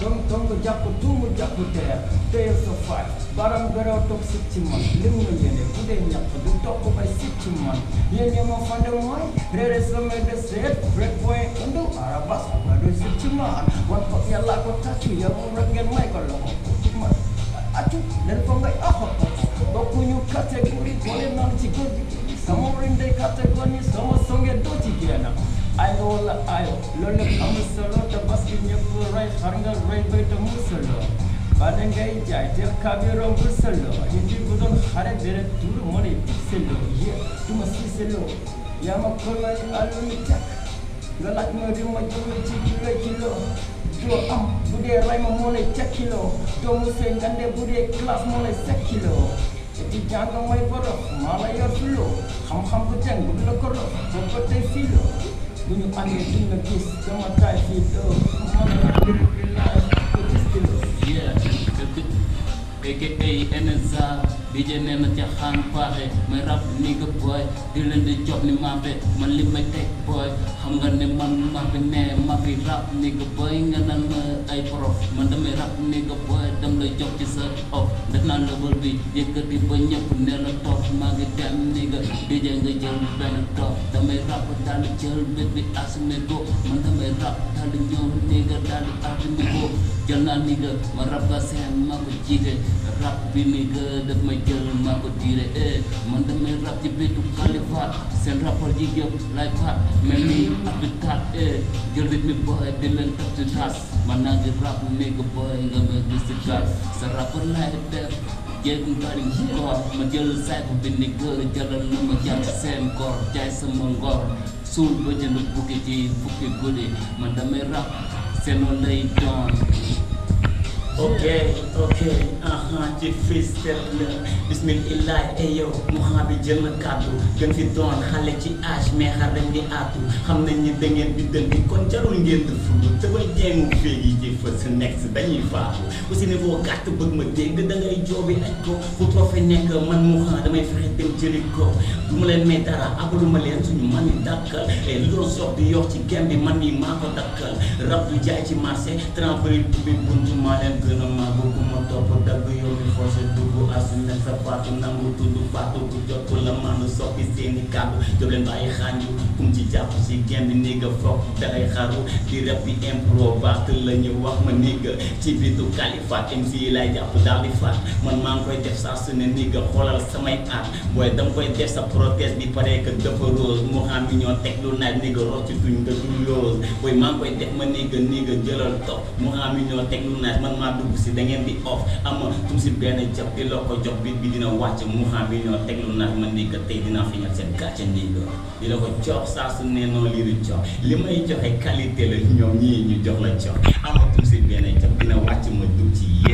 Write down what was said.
Don't tong jàpp tuuma jàpp teer téyal sa faaj baram garaw toog sit ci man lim nga yéene ku dee ñàpp du topp bay sit ci man yéene ma fande mooy réere sama des reet rek mooy undu arabas nga doy sit ci man wan ko yàlla ko tàccu ya moom rek ngeen may ko loxo man accu leen ko ngay axo bokkuñu catégorie boole naan ci góor gi sama riñ day catégorie sama songe doo ci génn ayrol ayo loolu nag amul solo te parce que ñëpp rey xar nga rey bay te mu solo bala ngay jaay te kabiro bu solo yéen fii bu doon xare bere tur moo lay yé duma si selo yaa ma kolay alumi càkk nga laaj ma di ma jox kilo kilo doo am bu dee rey ma moo lay càkk kilo doo mu see ngande bu dee classe kilo di jàng mooy borom maa la yor filo ham xam bu jàng bu la ko rof Bunu anne dinle kız, zaman tayfi dol. AKA NSA DJ nee na ca xaan rap nigga boy, booy the job di jox my maafe my tech boy, I'm xam nga man ma ne ma fi rap ni nga booy nga ay pro, man damay rap ne nga booy dam la jox ci sa of def naa level bi yëkkati ba ñëpp ne la toog maa ngi dem ni nga DJ nga jël benn top, damay rap daal di jël bét bi assumé ko man damay rap daal di ñëw ni nga daal di assumé ko jël naa ni nga ma rap ga seen maa ko jiite rap bi ni nga daf may jël maa ko diire eh man damay rap ci bétu Khalifa seen rapport yi yëpp lay faat mel ni habitat ee jëlit mi booy di leen teg ci taas man naa ngi rap néeg booy nga may gis si gaal sa rapport lay def jéeg ngari koor ma jël saytu bi ni gër jëlal na ma jàpp seen koor jaay sama ngor suul ba jënd bukki ci fukki guddi man damay rap seenoon lay doon ok ok aha ci fii step la bismillah ay eh, yow Mouhamed bi jël na kàddu gën fi doon xale ci âge mais dañ di aatu xam nañ ni da ngeen bi dël bi kon jarul ngeen di fulu te bay jéemu féegi ci fës nekk dañuy faaxu aussi niveau gàtt bëgg ma dégg da ngay joobi aj ko fu trofe nekk man Mouhamed damay fexe dem jëli ko du leen may dara abalu ma leen suñu man ni dàkkal eh, lu sox di yox ci gem bi man ni maa ko dakkal rab du jaay ci Ndugu na magugu moto podabu yomi force dugu seen na sa faatu nangu tudd faatu bu jot la manu soppi seeni kàddu jóg leen bàyyi xànju kum ci jàpp la ñu wax ma néega ci bitu kalifat MC yi lay jàpp daal di man maa ngi koy def saa su ne néega xoolal samay aat booy dama koy def sa prothèse bi pare que dafa rose mu xam ni ñoo teg lu naaj néega roc ci duñ dëgg yoos booy maa ngi koy def ma néega néega jëlal topp mu xam ñoo teg lu naaj man maa dugg si da ngeen di off ama tum si benn jàpp di loo jox bit bi dina wàcc mu xam bi ñoo teglu nag man ni que tey dinaa fi ñor seen gàcce nii la la ko jox saa su ne noonu lii jox li may joxe qualité la ñoom ñii ñu jox la jox amatum si benn jox dina wàcc ma dugg ci yéen.